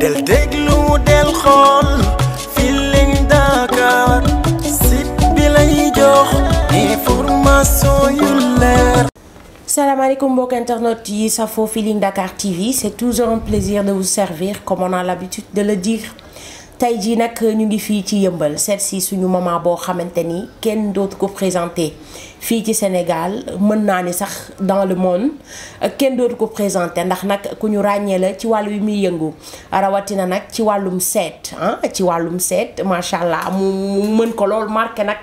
del déglu del xool Feeling Dakar site bi lay jox information yu leer salaamaaleykum mbokk internet yi safoo Feeling Dakar TV c'est toujours un plaisir de vous servir comme on a l'habitude de le dire tey jii nag ñu ngi fii ci yëmbal seet si suñu maman boo xamante ni kenn dootu ko présenté fii ci Sénégal mën naa ni sax dans le monde kenn dootu ko présenté ndax nag ku ñu ràññee la ci wàllu wi muy yëngu rawatina nag ci wàllum seet ah, ci wàllum seet macha allah mu mën ko lool marqué nag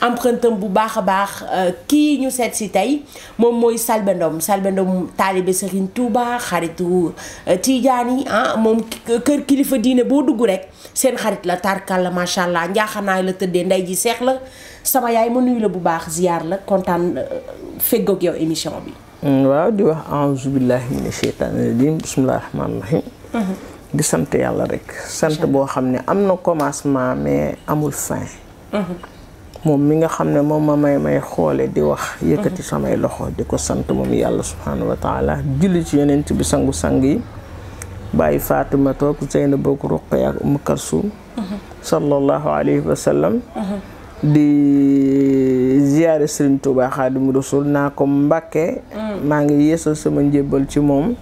empreinte am bu baax a baax euh, kii ñu seet si tey moom mooy Selbé Ndom Selbé Ndom taalibe Serigne Touba xaritu euh, Tidiane yi ah, moom kër kilifa diine boo dugg rek seen xarit la tarkal la macha allah njaaxanaay la tëddee ndey ji seex la. sama yaay ma nuyu la bu baax ziar la kontaan euh, feggoog yow émission bi. Mm, waaw di wax auzu billahi mina sheytaani rajim bismillahi rahmaani rahim. Mhm. di sant yàlla rek. sant boo xam ne am na commencement mais amul fin. Mhm. moom mi nga xam ne moom ma may may xoole di wax mhm. yëkkati samay loxo di ko sant moom yàlla subhaanahu wa taala julli ci yonent bi sangu-sang yi bàyyi Fatima toog Zeyna bokk Ruqaya ak Umu Kalsum sallallahu alayhi wa di ziyaare Serigne Touba Xaadimu Rasuul naa ko mbàkke mm. maa ngi yeesal sama njébbal ci moom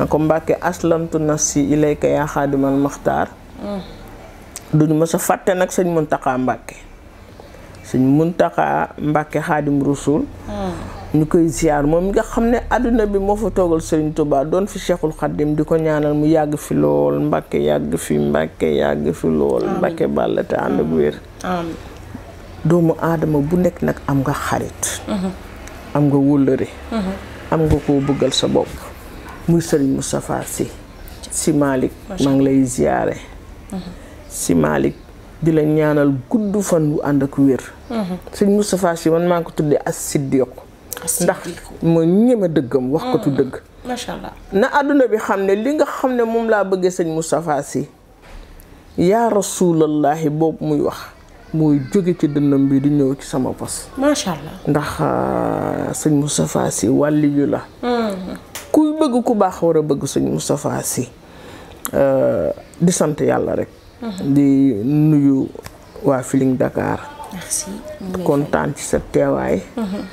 naa ko mbàkke aslamtu nafsi ilayka yaa xaadimal maxtaar mm. duñu ma sa fàtte nag sëñ Muntaxa Mbàkke sëñ Muntaxa Mbàkke Xaadimu Rasuul mm. ñu koy ziar moom nga xam ne àdduna bi moo fa toogal Serigne Touba doon fi Cheikhul Khadim di ko ñaanal mu yàgg fi lool Mbàkke yàgg fi Mbàkke yàgg fi lool Mbàkke bàll te ànd bu wér doomu aadama bu nekk nag am nga xarit. Mm-hmm. am nga wóllëre. Mm-hmm. am nga ko bëggal sa bopp. muy Serigne Moustapha Sy. Sy Malick maa ngi lay ziyaare. Mm-hmm. Sy Malick di la ñaanal gudd fan wu ànd ak wér. Serigne Moustapha Sy man maa ngi ko tuddee as siddiq ndax ma ñeme dëggam wax ko tu dëgg. macha allah na àdduna bi xam ne li nga xam ne moom laa bëggee sëñ Moustapha Sy. yaa rasulallahi boobu muy wax. mooy jóge ci dënnam bi di ñëw ci sama pas macha allah ndax euh, sëñ Moustapha Sy wàlli yu la. Mm-hmm. kuy bëgg ku baax war a bëgg sëñ Moustapha Sy euh, di sant yàlla rek. Mm-hmm. di nuyu waa Feeling Dakar. kontaan ci sa teewaay. Mm-hmm.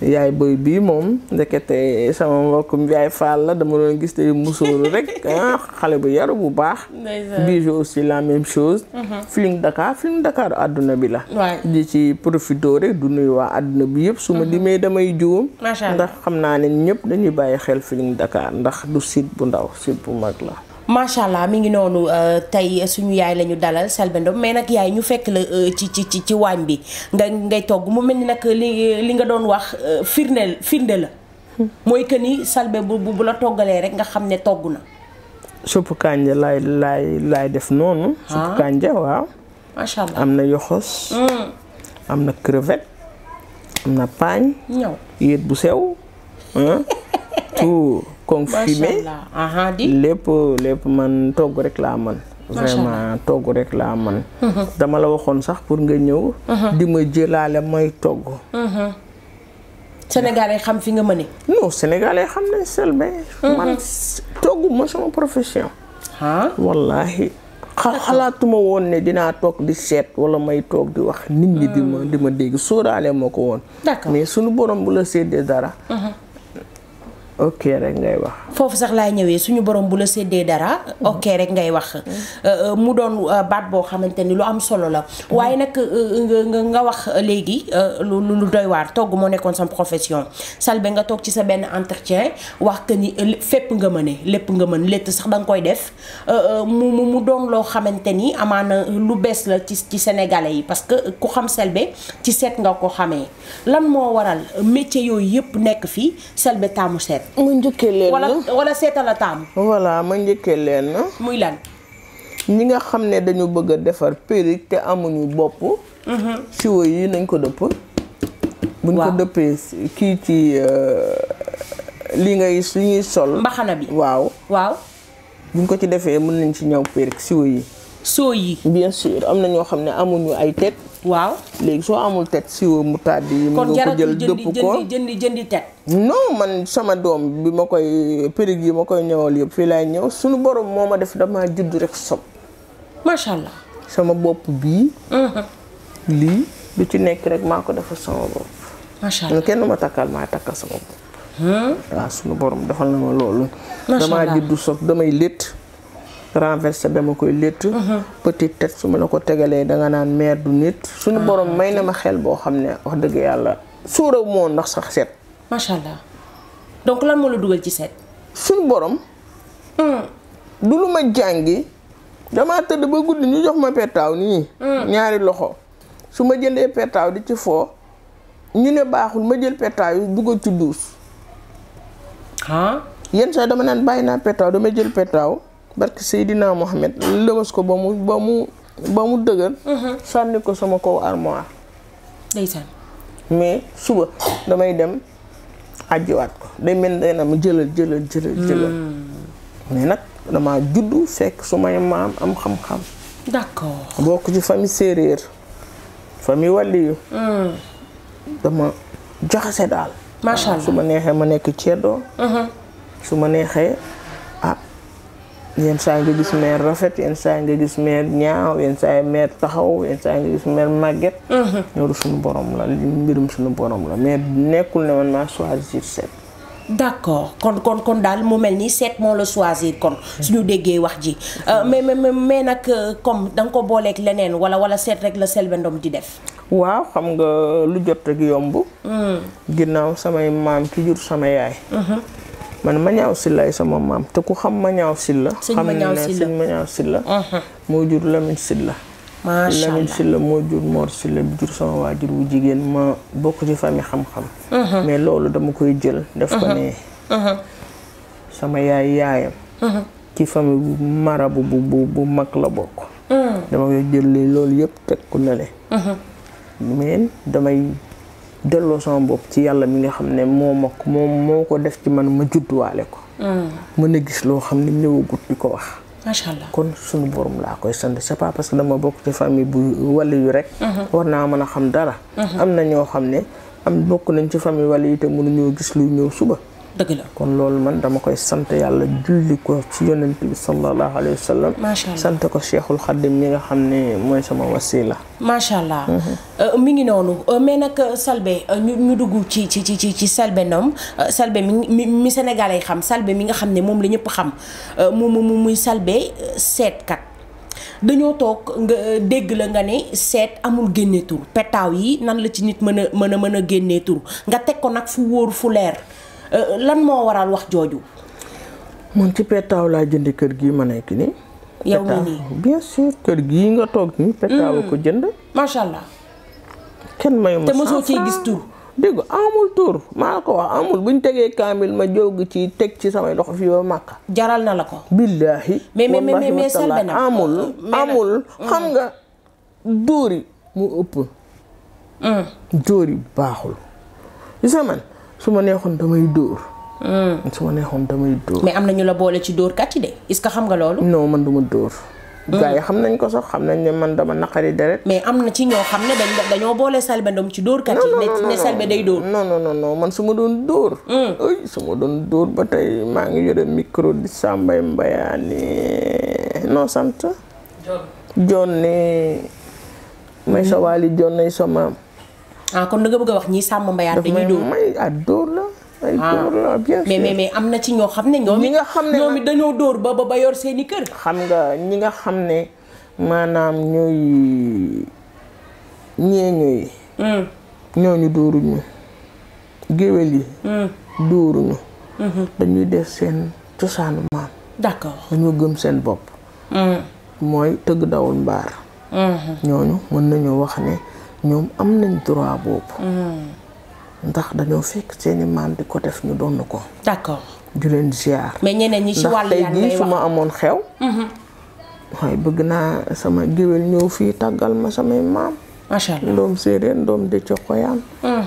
yaay boy bii moom ndekete sama mbokkum yaay faal la dama doon gis te musóoru rek ah, xale bu yaru bu baax bijou aussi la même chose mhm. Feeling Dakar Feeling Dakar àdduna bi la di ci profito rek du nuyu waa àdduna bi yëpp su ma mhm. limee damay juum ndax xam naa ne ñëpp dañuy bàyyi xel Feeling Dakar ndax du site bu ndaw site bu mag la macha allah mi ngi noonu euh, tey suñu yaay la ñu dalal Selbé Ndom mais nag yaay ñu fekk la euh, ci ci ci ci waañ bi nga ngay togg mu mel ni nag li li nga doon wax euh, firnde firnde la. mooy que ni Selbé bu la toggalee rek nga xam ne togg na. suppu kànja laay laay def noonu. Ah. suppu kànja waaw. am na yoxos. Mm. am na crevette. am na paañ. ñaw yéet bu sew. tout. confirmé lépp lépp man togg rek laa man vraiment rek laa man mhm. dama la waxoon sax pour nga ñëw mhm. di ma jëlaale may togg mhm. sénégalais xam fi nga mëne non sénégalais xam ne Selbé man togg ma sama profession wallahi xalaatuma woon ne dinaa toog di seet wala may toog di wax nit ñi di ma dégg sóoraale ma ko woon mais sunu borom bu la séddee dara ok rek ngay wax. foofu sax laay ñëwee suñu borom bu la séddee dara. ok rek ngay wax. Euh, euh, mu doon euh, baat boo xamante ni lu am solo la. waaye nag nga wax léegi lu lu doy waar togg moo nekkoon sa profession. Selbé nga toog ci sa benn entretien wax que ni fépp nga mëne lépp nga mën létt sax da nga koy def mu mu doon loo xamante ni amaana lu bees la ci ci sénégalais yi parce que ku xam Selbé ci seet nga ko xame lan moo waral métier yooyu yëpp nekk fii Selbé taamu seet. ma njëkkee leen wala wala seetal la taamu. voilà ma njëkkee leen muy lan. ñi nga xam ne dañu bëgg a defar perruque te amuñu bopp. Mhm. siwo yi nañ ko dëpp. buñ ko dëppee kii ci euh, li ngay li ñuy sol. mbaxana bi waaw. waaw buñ ko ci defee mën nañ ci ñëw perruque siwo yi. soo yi. bien sûr am na ñoo xam ne amuñu ay tet. waaw léegi soo amul tet siwo mu tàddi yi. mu nga ko jël dëpp ko kon jëndi jëndi tet. non man sama doom bi ma koy périg yi ma koy ñëwal yëpp fii laay ñëw suñu borom moo ma def dama judd rek sob macha allah sama bopp bii. Uh-huh. lii lu ci nekk rek maa ko defal sama bopp. macha kenn ma takkal maa takkal sama bopp. Hmm? suñu borom defal na ma loolu. damaa juddu sob damay létt. renversé dama koy létt mhm. petite tête su ma la ko tegalee danga naan meer du nit suñu ah, borom may na ma xel boo xam ne wax dëgg yàlla suuraw moo ndax sax seet macha allah donc lan moo la dugal ci seet suñu borom hmm. du lu ma jàngi dama tëdd ba guddi ñu jox ma pettaaw nii hmm. ñaari loxo su ma jëndee pettaaw di ci foo ñu ne baaxul ma jël pettaaw yi dugal ci duus ah yenn saa dama naan bàyyi naa pettaaw dama jël pettaaw barke Seydina Mohamed lëbës ko ba mu ba mu ba mu dëgër. Mhm. sànni ko sama kow armoire. mais suba damay dem àjjiwaat ko day mel jëlal jëlal jëlal hmm. juddu fekk su may maam am xam-xam. d'accord bokk ci famille séeréer famille wàlliyu hmm. dama jaxase daal. macha su ma neexee ma nekk ceddoo. Mhm. su ma neexee. yenn saa yi nga gis mère rafet yenn saa yi nga gis mère ñaaw yenn saa yi taxaw yenn saa nga gis mère màgget loolu mhm. suñu borom la mbirum suñu borom la mais nekkul ne man maa choisir seet d'accord kon kon kon daal mu mel nii seet moo la choisir kon suñu déggee wax ji euh, mais mais mais nag euh, comme danga ko booleek leneen wala wala seet rek la Selbé Ndom di def waaw xam nga lu jot rek yomb mm. ginnaaw samay maam ci jur sama yaay mhm. man Mañaaw Sylla sama maam te ku xam Mañaaw Sylla xam ne sëñ Mañaaw Sylla uh-huh. moo jur Lamine Sylla Lamine Sylla moo jur Mor Sylla bi jur sama waajur wu jigéen ma bokk ci famille xam-xam uh-huh. mais loolu dama koy jël def ko uh-huh. ne sama yaay yaayam ci famille bu marabu mag la bokk loolu yëpp teg ku mais damay delloo sama bopp ci yàlla mi nga xam ne moo mokk moom moo ko def ci man ma judduwaale ko. Hmm. mën a gis loo xam ne ñëwagut di ko wax. macha kon suñu borom laa koy sant c'est pas parce que dama bokk ci famille bu wàll yu rek. Hmm. war naa mën a xam dara. Hmm. am na ñoo xam ne am bokk nañ ci famille wàll yi te mënuñoo gis luy ñëw suba. dëgg la kon loolu man dama koy sant yàlla julli ko ci yonent bi sallallahu alayhi wa sant ko cheikhul xaddim mi nga xam ne mooy sama wasila macha allah mhm. euh, mi ngi noonu euh, mais nag euh, Selbé ñu ñu dugg ci ci ci ci Selbé Ndom Selbé mi mi Sénégalais yi xam Selbé mi nga xam ne moom la ñëpp xam mu mu muy seet kat dañoo toog nga dégg la nga ne seet amul génne tur petaaw yi nan la ci nit mën a mën a mën a génne tur nga teg ko nag fu wóor fu leer Euh, lan moo waral wax jooju. mun ci pettaaw laa jënd kër gi ma nekk nii. yow bien sûr kër gi nga toog nii. pettaaw hmm. ko jënd. macha allah. kenn mayuma te mosoo cee gis tur. dégg amul tur maa la ko wax amul buñ tegee kaamil ma jóg ci teg ci samay loxo fii ba Màkka. jaral na la ko. billaahi. mais mais mais mais Selbé nag amul euh, amul hmm. xam nga dóori mu ëpp. Hmm. dóori baaxul gis man. su ma neexoon damay dóor. Hmm. su ma neexoon damay dóor. mais am na ñu la boole ci dóorkat yi de est-ce que xam nga loolu. noo man du ma dóor. Hmm. gars xam nañ ko sax xam nañ ne man dama naqari deret. mais am na ci ñoo xam ne dañ dañoo boole Selbé Ndom ci dóorkat yi. ne Selbé day dóor. non non non man su ma doon dóor. Hmm. ay su ma doon dóor ba tey maa ngi yore micro di Sambay Mbayaane non sant. John John may sa waali John nay sa maam. ah kon da nga bëgg a wax ñii sàmm mbayaat dañuy dóor may ah dóor la ay ah. dóor la bien sûr mais mais am na ci ñoo xam ne ñoom ñi nga xam ne ñoom it dañoo dóor ba ba yor seeni kër xam nga ñi nga xam ne maanaam ñooy ñee ñooy hmm. ñooñu dóoruñu géwél yi hmm. dóoruñu hmm. dañuy def seen cosaanu maam d'accord dañoo gëm seen bopp mooy tëgg dawul mbaar ñooñu mën nañu wax ne ñoom am nañ droit boobu. Hmm. ndax dañoo fekk seeni maam di ko def ñu donn ko. d'accord di leen ziar. mais ñeneen ñi ci ndax tey jii su ma amoon xew. Hmm. waaye bëgg naa sama géwél ñëw fii tàggal ma samay maam. macha allah ndoom séeréer ndoom de cokoyaan. Hmm.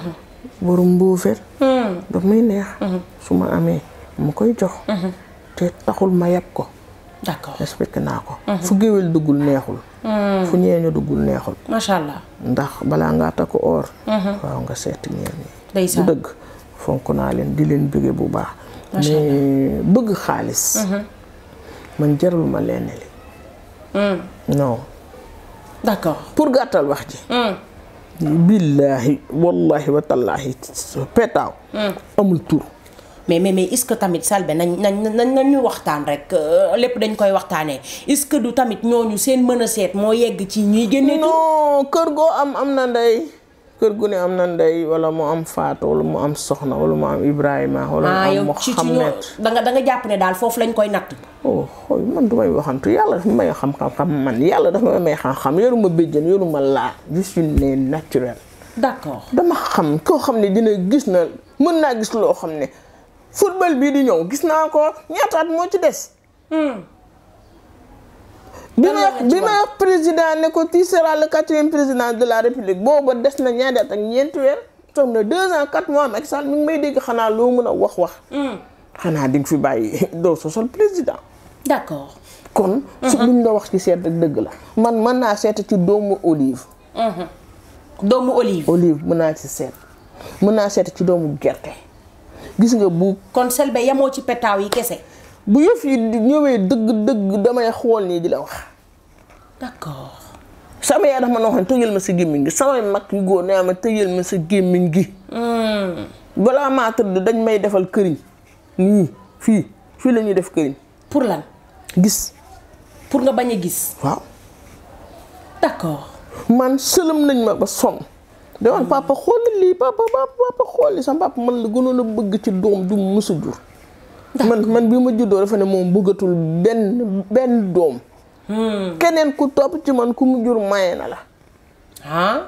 borom mbuuféer. daf may neex. su ma amee mu koy jox. te taxul ma yab ko. d'accord respecté naa ko. fu géwél duggul neexul. Hmm. fu ñeeño duggul neexul. macha allah ndax balaa ngaa takk or. Hmm. waaw nga seeti ñeeñ ñi. ndeysaan dëgg fonk naa leen di leen bëggee bu baax. mais bëgg xaalis. Hmm. man jarul ma leen li non. d'accord pour gàttal wax ji. billaahi wallaahi wa petaaw. amul tur. mais mais mais est-ce que tamit Selbé nañ nañ nañ nañ ñu waxtaan rek euh, lépp dañ koy waxtaanee est-ce que du tamit ñooñu seen mën a seet moo yegg ci ñuy génne. non kër goo am am na ndey. kër gu ne am na ndey wala mu am Fatou wala mu am Soxna wala mu am Ibrahima. wala mu ah, am Mohamed da da nga jàpp foofu lañ koy natt. oh xool man du may waxantu yàlla dafa may xam-xam man yàlla dafa may xam-xam yoruma béjjën yoruma laa je suis né naturel. d'accord dama xam koo xam ne dina gis na mën naa gis loo xam ne. football bii di ñëw gis naa ko ñaata moo ci des. Hmm. bi ma président ne ko tu seras le quatrième président de la république booba des na ñaari at ak ñeenti weer toog na deux ans quatre mois Macky Sall mi ngi dégg xanaa loo mën a wax wax. Hmm. xanaa di nga fi bàyyi doo sosol président. d'accord kon. su luñ mm-hmm. la wax ci seet rek dëgg la man mën naa seet ci doomu olive. Mm-hmm. doomu olive. olive mën naa ci seet mën naa seet ci doomu gerte. gis nga bu. kon Selbé yamoo ci petaaw yi kese. bu yëf yi ñëwee dëgg dëgg damay xool nii di la wax. d'accord. sama yaay dafa ma waxoon tëjal ma sa gémmiñ gi samay mag yu góor nee ma sa gémmiñ gi. Hmm. balaa maa tëdd dañ may defal këriñ. nii fii fii lañuy def këriñ. pour lan. gis. pour nga bañ a gis. waaw. d'accord. man sëlëm nañ ma ba sonn. de woon papa xool lii papa papa xool lii sama papa man la gënoon a bëgg ci doom du mu mës man man bi ma juddoo dafa ne moom buggatul benn benn doom. Hmm. keneen ku topp ci man ku mu jur maye na la. ah.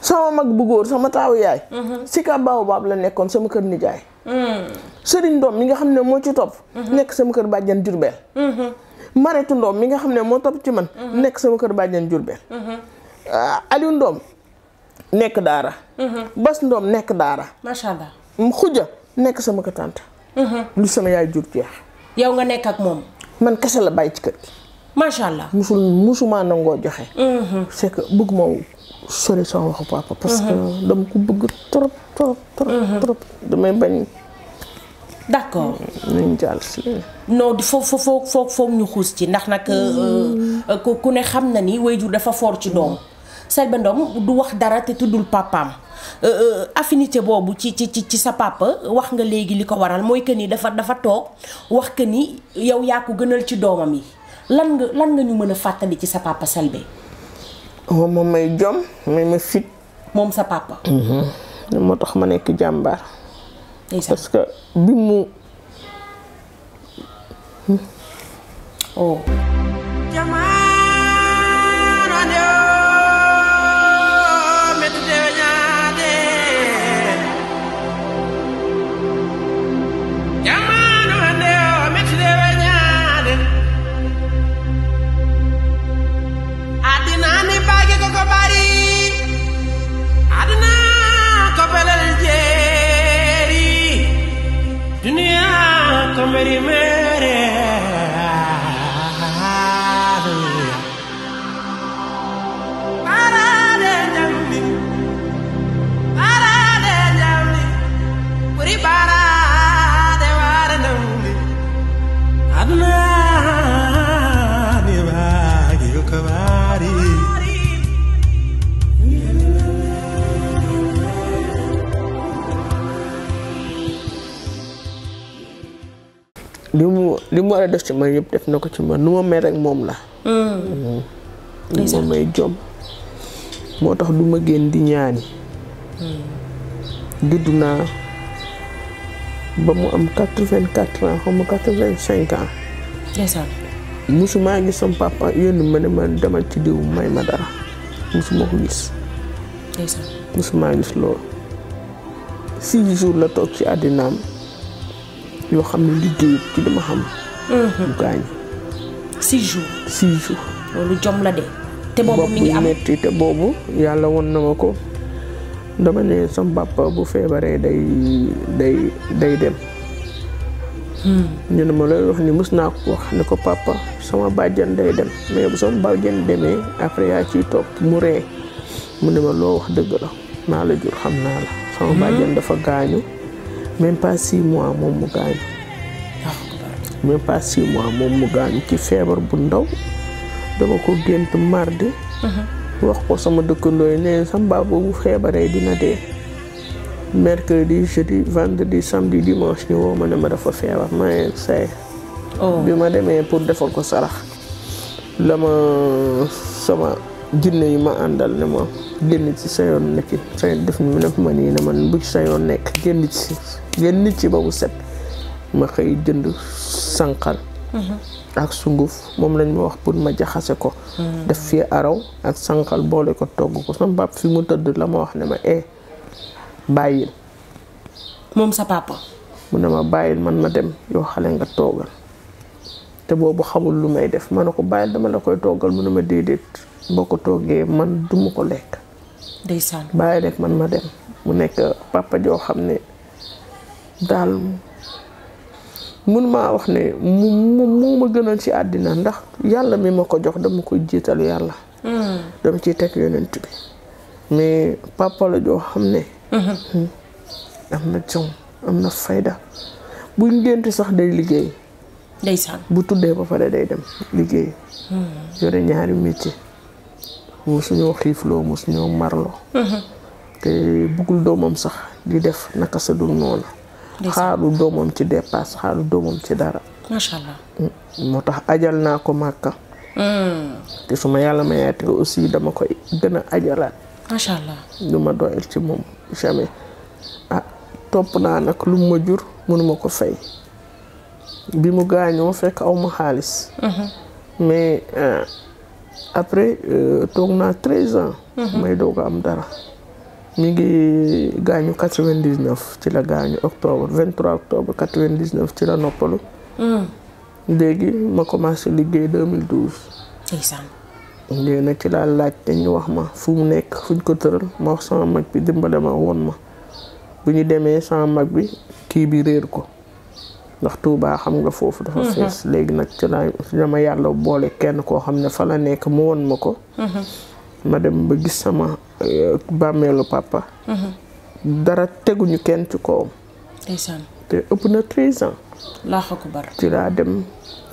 sama mag bu góor sama taawu yaay. Mm-hmm. Sika Bawo Baab la nekkoon sama kër nijaay. Hmm. sëriñ Ndom mi nga xam ne moo ci topp. Mm-hmm. nekk sama kër bàjjan Jurbel. Mm-hmm. Maretu doom mi nga xam ne moo topp ci man. nekk sama kër bàjjan Jurbel. Ah, Aliou Ndom. nekk daara. Mm-hmm. bas ndoom nekk daara. macha allah xuja mm, nekk sama ko tànt mm-hmm. lu sama yaay jur jeex. yow nga nekk ak moom. man kese la bàyyi ci kër gi. macha allah musul musuma nangoo joxe. Mm-hmm. c'est que bëgg ma sori sama waxu papa. parce que damay bañ. d' accord mm, nañ jàll si. non foofu foofu ñu xuus ci ndax nag mm. euh, euh, ku ne xam na ni jur dafa foor ci doom. Selbé Ndom du wax dara te tuddul papaam euh, euh, afinité boobu ci ci ci sa papa wax nga léegi li ko waral mooy que nii dafa dafa toog wax que ni yow yaa ko gënal ci doomam yi lan nga lan nga ñu mën a fàttali ci sa papa Selbé. moom moom may jom may ma fit. moom sa papa. Mm-hmm. moo tax ma nekk jàmbaar. parce que bi mu. oh. mérime mu war a def yëpp def na ko ci man nu ma mel rek moom la. Hmm. Hmm. nu ma may moo tax du ma génn di ñaani. judd hmm. naa ba mu am quatre vingt quatre ans xaw ma quatre musuma ma demal ci diw may ma dara musuma ko gis. ndeysaan musuma gis loolu. six jours la toog ci àddinaam yoo xam ne liggéeyut ci dama xam. Mm-hmm. mu gaañ. six jours. boobu yàlla woon na ma ko dama ne sama papa bu feebaree day day day dem. Hmm. ñu ne ma loolu wax ni mës naa ko wax ne ko papa sama bàjjan day dem mais bu sama bàjjan demee après yaa ciy topp mu ree mu ne ma loo wax dëgg la maa la jur xam naa la. sama hmm. bàjjan dafa gaañu même pas six mois moom mu gaañu. mais pas six mois moom mu gaañu ci feebar bu ndaw dama ko gént mardi uh-huh. wax ko sama dëkkandoo yi ne sama baaba bu feebaree dina dee mercredi jeudi vendredi samedi dimanche ñu ma ne ma dafa feebar ma say oh. bi ma demee pour defal ko sarax la ma sama jinne yi ma àndal ne ma génn ci sa yoon nekki sa def mu nekk ma nii ne ci sa yoon nekk génn ci génn ci ba mu set ma xëy jënd sànqal mm-hmm. ak sunguf moom lañ ma wax pour ma jaxase ko mm-hmm. def fii araw ak sànqal boole ko togg ko sama papa fi mu tëdd la ma wax ne ma ee eh, bàyyil moom sa papa mu ne ma bàyyil man ma dem yow xale nga toogal te boobu xamul lu may def ma ne ko bàyyil dama la koy toggal mu ne ma déedéet boo ko toggee man duma ko lekk ndeysaan bàyyi rek man ma dem mu nekk papa joo xam ne daal mun ma wax ne mu mu ma gënal ci àddina ndax yàlla mi ma ko jox dama koy jiital yàlla. Hmm. dama ci teg yonent bi mais papa joo xam ne. Hmm. Hmm. am na jom am na fayda bu ngénte sax day liggéey. ndeysaan bu tuddee ba pare day dem liggéey. yore ñaari métier mosuñoo xiifloo mosuñoo marloo. te bëggul doomam sax di def naka sa dul noonu. xaalu doomam ci dépasse xaalu doomam ci dara. macha allah. Mm-hmm. moo tax ajal naa ko màkka. Mm. te su ma yàlla mayaate nga aussi dama koy gën a ajalaat. macha allah lu ma doyal ci moom jamais ah topp naa nag lu ma jur mënuma ko fay bi mu gaañoo fekk awma xaalis. Mm-hmm. mais euh, après euh, toog naa treize ans. Mm-hmm. may doog a am dara. mi ngi gaañu quatre vingt dix ci la gaañu octobre vingt-trois octobre quatre-vingt-dix-neuf ci la noppalu. Hmm. léegi ma commencé liggéey 2012. ndeysaan. léegi nag ci laa laaj te ñu wax ma fu mu nekk fuñ ko tëral ma wax sama mag bi dimbale ma woon ma bu ñu demee sama mag bi kii bi réer ko ndax Touba xam nga foofu. dafa hmm. fees léegi nag ci laa dama yàlla boole kenn koo xam ne fa la nekk mu woon ma ko. Hmm. ma dem ba gis sama eh, bàmmeelu papa. Mhm. dara teguñu kenn ci kawam. ndeysaan te ëpp na treize ans. laax ko bar ci laa dem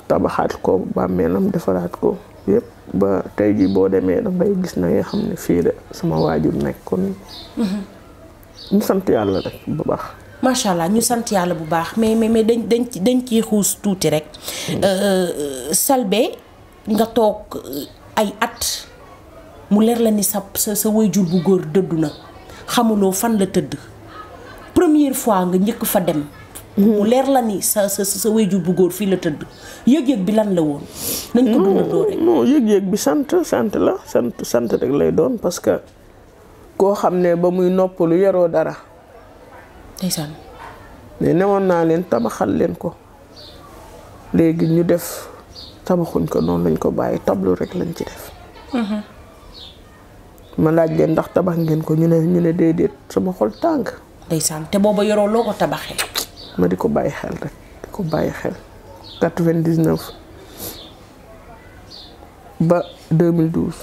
tabaxaat ko bàmmeelam defaraat ko yëpp ba tey jii boo demee dafay gis na nga xam ne fii de sama waajur nekkoon. Mhm. ñu sant yàlla rek bu baax. macha allah ñu sant yàlla bu baax mais mais mais dañ dañ ci dañ ciy xuus tuuti rek. Mm. Euh, Selbé nga toog euh, ay at. mu leer la ni sa sa sa waajur bu góor dëddu nag xamuloo fan la tëdd première fois nga njëkk fa dem. Mhm. mu leer la ni sa sa sa waajur bu góor fii la tëdd yëg-yëg bi lan la woon. nañ ko dundandoo rek non bi sant sant la sant sant rek lay doon parce que koo xam ne ba muy noppalu yaroo dara. ndeysaan. mais newoon naa leen tabaxal leen ko léegi ñu def tabaxuñ ko noonu lañ ko bàyyi tableau rek lañ ci def. Mhm. ma laaj leen ndax tabax ngeen ko ñu ne ñu ne déedéet sama xol tàng. ndeysaan te booba yoroo loo ko tabaxee. ma di ko bàyyi xel rek di ko bàyyi xel 99 ba 2012.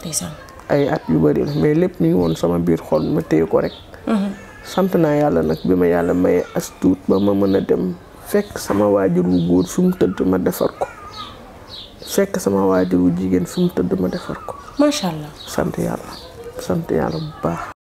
ndeysaan ay at yu bari la mais lépp mi woon sama biir xol ma téye ko rek. Mm-hmm. sant naa yàlla nag bi ma yàlla maye as ba ma mën a dem fekk sama waajur wu góor fi tëdd ma defar ko fekk sama waajur wu jigéen fi mu tëdd ma defar ko. macha allah. sant yàlla sant yàlla bu baax.